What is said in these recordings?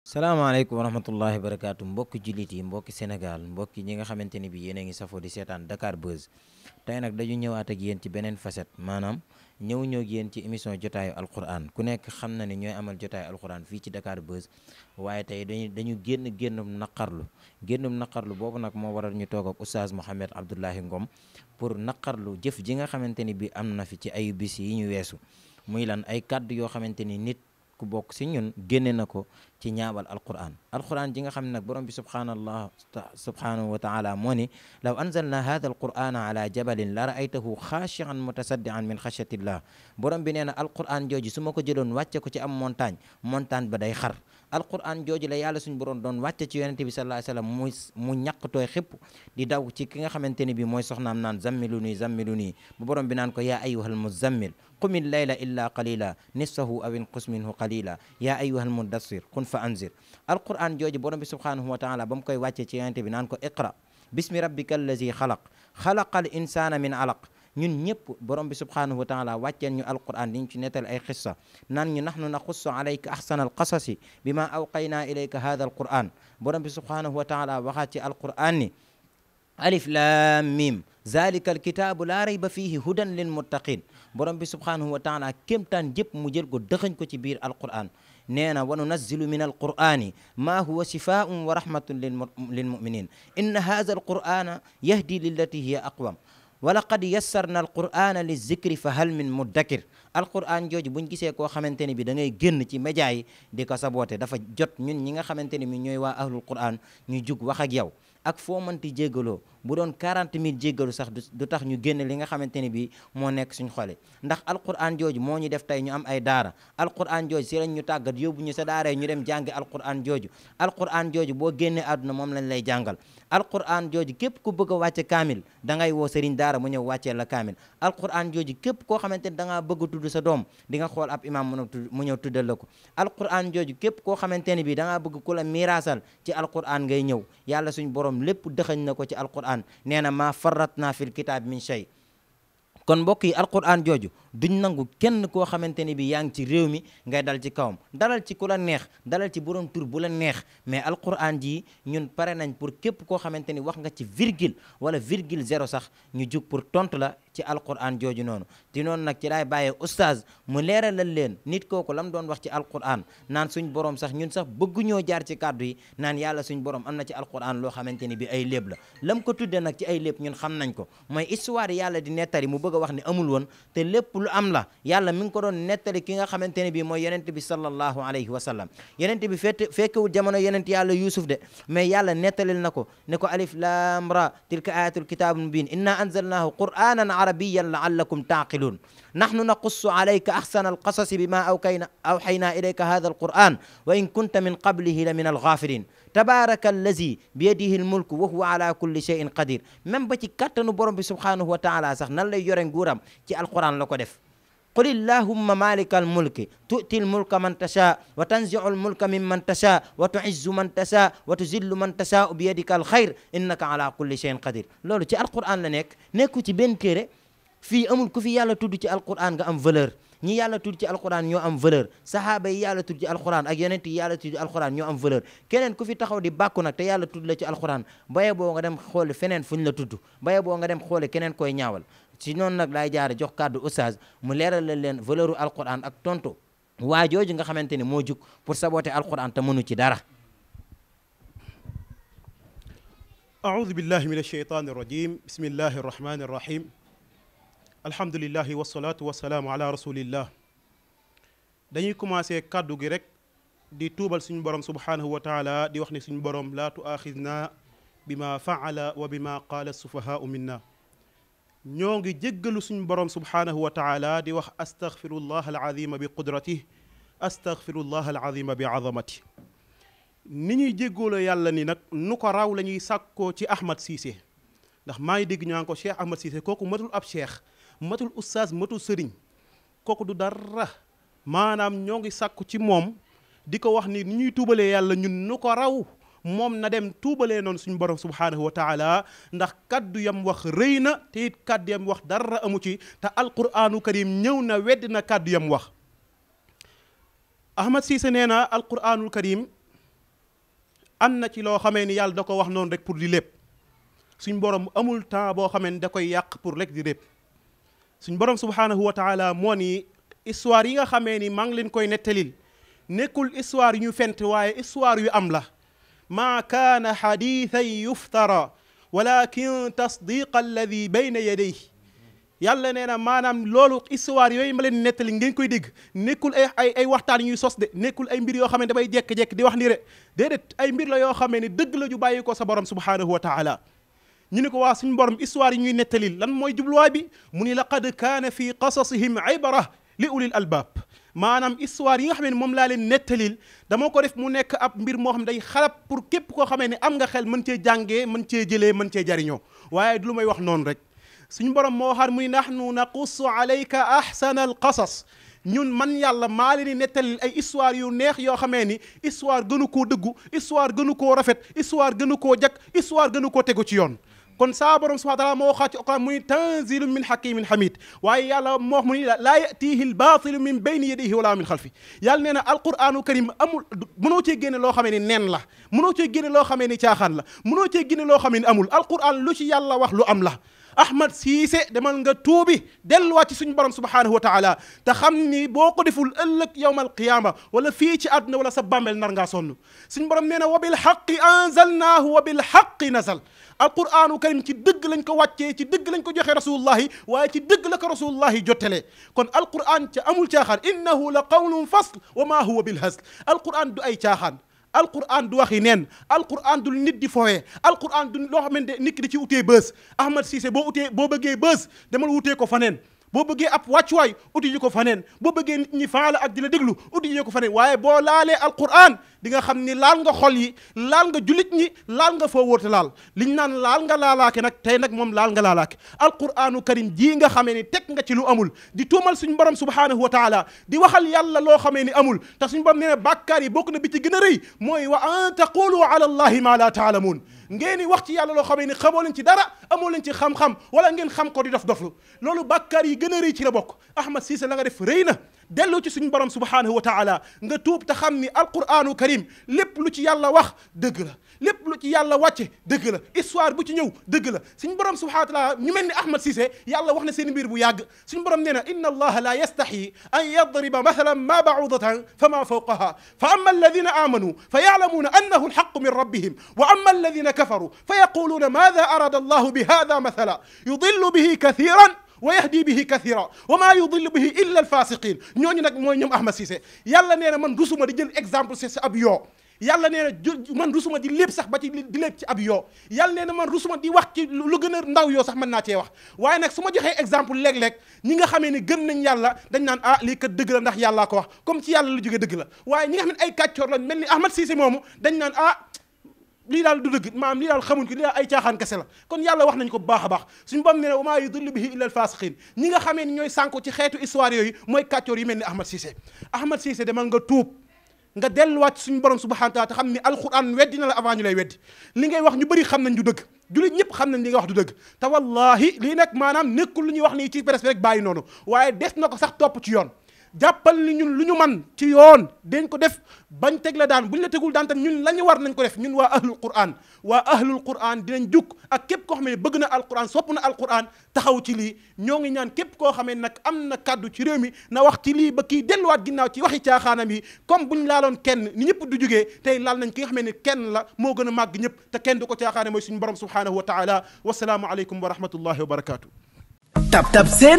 salaamaaleykum wa rahmatullahi wa barakaatu mbokki jullit yi mbokki Sénégal mbokki ñi nga xamante ni bi yéen a ngi safoo di seetaan Dakar Buzz tey nag dañu ñëwaat ak yéen ci beneen facette maanaam ñëw ñoo ak ci émission jotaayu alquran ku nekk xam na ne ñooy amal jotaayu alquran fii ci Dakar Buzz waaye tey dañu dañu génn génnum naqarlu génnum naqarlu boobu nag moo waral ñu toog ak oustaz Mouhamed Abdoulahi Ngom pour naqarlu jëf ji nga xamante ni bi am na fi ci ayu bis yi ñu weesu muy lan ay kàddu yoo xamante ni nit ku bokk si ñun génne na ko ci ñaawal alquran alquran ji nga xam ne nag borom bi subhaanallah subhaanahu wa taala moo ni law anzalna hada alqurana ala jabalin la raaytahu xaashian mutasaddian min xashatillah borom bi nee na alquran jooju su ma ko loon wàcce ko ci am montagne montagne ba day xar alquran jooju la yàlla suñu borom doon wàcce ci yonente bi sallallahu alayhi wa sallam mu ñàqtooy xépp di daw ci ki nga xamante ni bi mooy soxnaam naan zammilu nii zammilu nii bu borom bi naan ko yaa ayyuhal muzammil qumil layla illa qalila nisfahu aw inqus minhu qalila yaa fa anzir alquran jooju borom bi subhanahu wa taala ba mu koy wàccee ci yonente bi naan ko iqra bismi rabbika allazi xalaq xalaqal insana min alaq ñun ñëpp borom bi subhanahu wa taala wàcceen ñu alquran diñ ci nettal ay xissa naan ñu nahnu naxussu alayka ahsana alqasasi bima awqaynaa ilayka hada alquran borom bi subhanahu wa taala waxaat ci alquran ni alif lam mim zalika alkitaabu laa rayba fiihi hudan lil muttaqin borom bi subhanahu wa taala kéemtaan jëpp mu jël ko dëxañ ko ci biir alquran nee na wa nunazzilu min alqur'ani maa huwa shifaa'un wa rahmatun lil mu'minin inna haadha alqur'ana yahdi lillati hiya aqwam wa laqad yassarna alqur'ana lizikri fa hal min muddakir alqur'an jooju buñ gisee koo xamante ne bi da ngay génn ci média yi di ko saboote dafa jot ñun ñi nga xamante ne mi ñooy waa ahlul qur'an ñu jug wax ak yow ak foo ti jégaloo bu doon 40 000 jéggalu sax du tax ñu génn li nga xamante ne bii moo nekk suñ xole ndax alquran jooju moo ñu def tey ñu am ay daara alquran jooju si lañ ñu tàggat yóbbu ñu sa daara ñu dem jàngi alquran jooju alquran jooju boo génnee àdduna moom lañ lay jàngal alquran jooju képp ku bëgg a kaamil da ngay woo sëriñ daara mu ñëw wàccee la kaamil alquran jooju képp koo xamante ne da ngaa bëgg sa doom di nga xool ab imam mu ñëw tuddal la ko alquran jooju képp koo xamante ne bii da bëgg ku la miraasal ci alquran ngay ñëw yàlla suñ borom lépp dëxañ na ko ci alquran alquran nee na maa farat naa fil kitaab min shay kon mbokk yi alquran jooju duñ nangu kenn koo xamante ni bi yaa ngi ci réew mi ngay dal ci kawam dalal ci ku la neex dalal ci borom tur bu la neex mais alquran jii ñun pare nañ pour képp koo xamante ni wax nga ci virgule wala virgule zéro sax ñu jug pour tontu la ci alquran jooju noonu di noonu nag ci laay bàyyee oustaz mu leeralal leen nit kooku lam doon wax ci alquran naan suñ borom sax ñun sax bëgguñoo jaar ci kàddu naan yàlla suñ borom am na ci alquran loo xamante ni bi ay léeb la lam ko tudde nag ci ay léeb ñun xam nañ ko mooy histoire yàlla di nettali mu bëgg a wax ne amul woon te lépp lu am la yàlla mi ko doon nettali ki nga xamante bi mooy yonent bi sallallahu alayhi wa sallam na ko ne ko alif lam ra tilka ayatul kitabul mubin inna anzalnahu quranan عربيا لعلكم تعقلون نحن نقص عليك أحسن القصص بما أوكينا أوحينا إليك هذا القرآن وإن كنت من قبله لمن الغافلين tabaraka allazi bi yadihi l mulk wa huwa ala kulli shay'in qadir même ba ci kattanu borom bi subhanahu wa taala sax nan lay yore nguuram ci alquran la ko def qul illahumma malika al mulki tu'ti al mulka man tasha wa tanzi'u al mulka mimman tasha wa tu'izzu man tasha wa tuzillu man tasha bi yadika al khayr innaka ala kulli shay'in qadir loolu ci alquran la nekk nekku ci benn téere fii amul ku fi yàlla tudd ci alquran nga am valeur ñi yàlla tudd ci alquran ñoo am valeur sahaaba yi yàlla tudd ci alquran ak yonent yàlla tudd ci ñoo am valeur keneen ku fi taxaw di bàkku nag te yàlla tudd la ci alquran baye boo nga dem xoole feneen fuñ la tudd baye boo nga dem xoole keneen koy ñaawal si noonu nag laay jaare jox kàddu oustaz mu leeralal leen valeur u alquran ak tontu waa jooju nga xamante ni moo jug pour saboter alquran te mënu ci dara aoudu billahi min alsheytani arrajim bismillahi arrahmani arrahim alhamdulilahi wasalatu wasalaamu commencé kàddu gi rek di tuubal suñu borom subhanahu wa taala di wax ne suñu borom laa tuaxidna bima faala wa minna ñoo ngi jéggalu suñ borom subhaanahu wa taala di wax astaghfirullah alazima bi qudrati astaghfirullah alazima bi azamati ni ñuy jéggoolo yàlla ni nag nu ko raw la ñuy sàkkoo ci Ahmad Cissé ndax maa ngi dégg ñaan ko cheikh Ahmad Cissé kooku matul ab cheikh matul oustaz matul sëriñ kooku du dara maanaam ñoo ngi sàkku ci moom di ko wax ni ni ñuy tuubalee yàlla ñun nu ko raw moom na dem tuubalee noonu suñu borom subhaanahu wa ndax kàddu yam wax rëy na te it kaddu yam wax dara amu ci te alquraanu karim ñëw na wedd na kàddu yam wax Ahmad Cissé nee na alquraanul karim am na ci loo xamee ni yàlla da ko wax noonu rek pour di lépp suñ borom amul temps boo xamee ni da koy yàq pour rek di lépp suñ borom subhaanahu wa moo nii histoire yi nga xamee ni maa ngi leen koy nettalil nekkul histoire yu ñu fent waaye histoire yu am la ما كان حديثا يفترى walakin tasdiqa alladi bayna yadayh yàlla nee na maanaam loolu histoire yooyu ma leen nettali ngeen koy dégg nekkul ay ay ay waxtaan ñuy sos de nekkul ay mbir yoo xam ne damay jekk-jekk di wax ni rek déedéet ay mbir la yoo xam ne dëgg la ju bàyyi ko sa borom subhaanahu wa taala ñu ni ko waa suñu borom histoire yi ñuy nettali lan mooy jubluwaay bi mu ni laqad kaana fi ay ibra li ulil albaab maanaam histoire yi nga xam ne moom laa leen nettalil damoo ko def mu nekk ab mbir moo xam ne day xalab pour képp koo xamee ne am nga xel mën cee jàngee mën cee jëlee mën cee jariñoo waaye du lu may wax noonu rek suñu borom moo waxaat muy nahnu naqussu alayka ahsana al qasas ñun man yàlla maa leen di nettalil ay histoire yu neex yoo xamee ni histoire gënu koo dëggu histoire gënu koo rafet histoire gënu koo jag histoire gënu koo tegu ci yoon kon saa borom subhaanahu wa taala moo waxaat ci alquran mu ni tanzilu min hakimin hamid waaye yàlla moo wax mu ni laa yatihi l baatilu min bayni yadayhi wala min xalfi yàlla nee na alquranu karim amul mënoo cee génne loo xamee ni nen la mënoo cee génne loo xamee ni caaxaan la mënoo cee génne loo xamee ni amul alquran lu ci yàlla wax lu am la Ahmad Cissé demal nga tuubi delluwaat ci suñu borom subhaanahu wa taala te xam ni boo ko deful ëllëg yawmal qiyaama wala fii ci àdduna wala sa bàmmeel nar ngaa sonn suñu borom nee na wa bil haqqi anzalnaahu wa bil haqqi nazal alquraanu karim ci dëgg lañ ko wàccee ci dëgg lañ ko joxee rasulullahi waaye ci dëgg la ko rasulullahi jottalee kon alquran ca amul caaxaan innahu la qawlun fasl wa ma huwa bil hasl alquran du ay caaxaan alquran du waxi neen alquran du nit di fowee alquran du loo xamante nit ki da ci utee bës Ahmed Cissé boo utee boo bëggee bës demal wutee ko faneen boo bëggee ab wàccuwaay uti ji ko faneen boo bëggee nit ñi faala ak di la déglu uti ji ko faneen waaye boo laalee alquran di nga xam ni laal nga xol yi laal nga julit ñi laal nga foo wóote laal liñ naan laal nga laalaake nag tey nag moom laal nga laalaake alquranu karim jii nga xamee ni teg nga ci lu amul di tuumal suñu borom subhanahu wa taala di waxal yàlla loo xamee ni amul te suñu borom nee na bàkkaar yi bokk na bi ci gën a rëy mooy wa an taqulu ala allahi ma la taalamuun ngeen i wax ci yàlla loo xamee ni xamoo leen ci dara amoo leen ci xam-xam wala ngeen xam ko di dof doflu loolu bàkkaar yi gën a rëy ci la bokk Ahmed Cissé la nga def rëy na delloo ci suñu borom subhanahu wa taala nga tuub te xam ni alquranu karim lépp lu ci yàlla wax dëgg la lépp lu ci yàlla wàcce dëgg la histoire bu ci ñëw dëgg la suñu borom subhanahu wa taala ñu mel ni Ahmad Cissé yàlla wax na seen mbir bu yàgg suñu borom nee na inna allaha la yastahi an yadriba mathalan ma ba'udatan fa ma fawqaha fa amma alladina amanu fa ya'lamuna annahu alhaqqu min rabbihim wa amma alladina kafaru fa yaquluna madha arada allahu bi hadha mathala yudillu bihi kathiran wa yahdi bihi kathira wa maa yudillu bihi illa ñoom Ahmad Cissé yàlla nee na man rusuma di jël exemple si yoo yàlla nee na man rusuma lépp sax ba ci di lépp ci ab yoo yàlla nee na man rusuma wax ci lu gën a ndaw yoo sax mën naa cee wax waaye nag su ma joxee exemple léeg-léeg ñi nga xamee ni gëm nañ yàlla dañ naan a ah, lii kat dëgg la ndax yàllaa ko wax comme ci yàlla lu jóge dëgg la waaye ñi nga xam ne ay kàccoor lañ mel ni Ahmad Cissé moomu dañ naan a ah, lii daal du dëgg maanaam lii daal xamuñ ko lii daal ay caaxaan kese kon yàlla wax nañ ko bu baax a baax suñu bam ne ne wamaa yudillu bihi illa al faasiqin ñi nga xamee ni ñooy sànku ci xeetu histoire yooyu mooy kàccoor yi mel ni Ahmad Cissé Ahmad Cissé demal nga tuub nga delluwaat suñu borom subhanahu taala te xam ni alquran weddi na la avant ñu lay weddi li ngay wax ñu bëri xam nañ du dëgg julit ñëpp xam nañ li nga wax dëgg te wallahi lii nag maanaam nekkul lu ñuy wax nii ci presse bi rek bàyyi noonu waaye des na ko sax topp ci yoon jàppal ni ñun lu ñu man ci yoon dañ ko def bañ teg la daan bu ñu la tegul daan tam ñun la ñu war nañ ko def ñun waa ahlul quran waa ahlul quran dinañ jug ak képp koo xam ne bëgg na alquran sopp na alquran taxaw ci lii ñoo ngi ñaan képp koo xamee nag am na kàddu ci réew mi na wax ci lii ba kii delluwaat ginnaaw ci waxi caaxaanam yi comme buñ laaloon kenn ni ñëpp du jugee tey laal nañ ki nga xamee ne kenn la moo gën a màgg ñëpp te kenn du ko caaxaane mooy suñu borom subhanahu wa taala wasalaamu aleykum wa rahmatullahi wa barakatu tab tab seen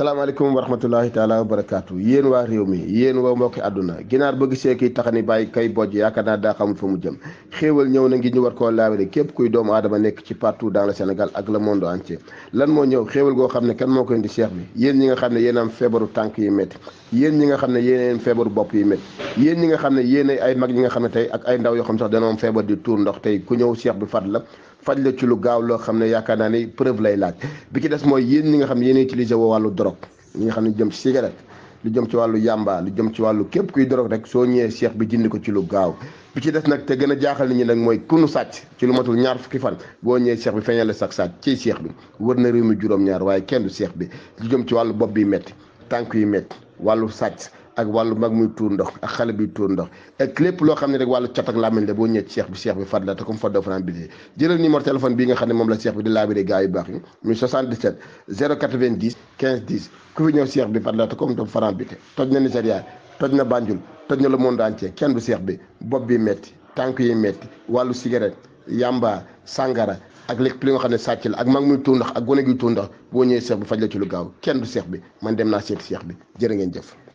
salaamaaleykum wa rahmatullahi taala wa barakaatu yéen waa réew mi yéen waa mbokki àdduna ginaar bëgg seeki taxani bàyyi kay bojj yaakaar naa daa xamul fa mu jëm xéewal ñëw na ngi ñu war koo laabare képp kuy doomu aadama nekk ci partout dans le ak le monde entier lan moo ñëw xéewal goo xam ne kan moo ko indi seex bi yéen ñi nga xam ne yéen am feebaru tànk yi métti yéen ñi nga xam ne yéen feebaru bopp yi métti yéen ñi nga xam ne yéen ay mag ñi nga xam ne tey ak ay ndaw yoo xam sax dana am feebar di tuur ndox tey ku ñëw seex bi fat la faj la ci lu gaaw loo xam ne yaakaar naa ne preuve lay laaj bi ci des mooy yéen ñi nga xam ne yéen utilisé woo wàllu drogue ñi nga xam ne jëm ci cigarette lu jëm ci wàllu yàmba lu jëm ci wàllu képp kuy drogue rek soo ñëwee seex bi jindi ko ci lu gaaw bi ci des nag te gën a jaaxal nit ñi nag mooy kunu sàcc ci lu matul ñaar fukki fan boo ñëwee seex bi feeñale sax sàcc ci seex bi wër na réew mi juróom-ñaar waaye kenn du seex bi lu jëm ci wàllu bopp bi métti tànk yi métti wàllu sàcc ak wàllu mag muy tuur ndox ak xale bi tuur ndox ak lépp loo xam ne rek wàllu cat ak làmmiñ la boo ñëwee ci bi cheikh bi fat la la cheikh bi di laabiré gars yu baax yi muy 77 090 15 10 ku fi ñëw cheikh bi li nga xam ne sàcc la ak mag muy tuur ndox ak gone gi tuur boo ñëwee seex bi faj la ci lu gaaw kenn du seex bi man dem naa seeti seex bi jërë ngeen jëf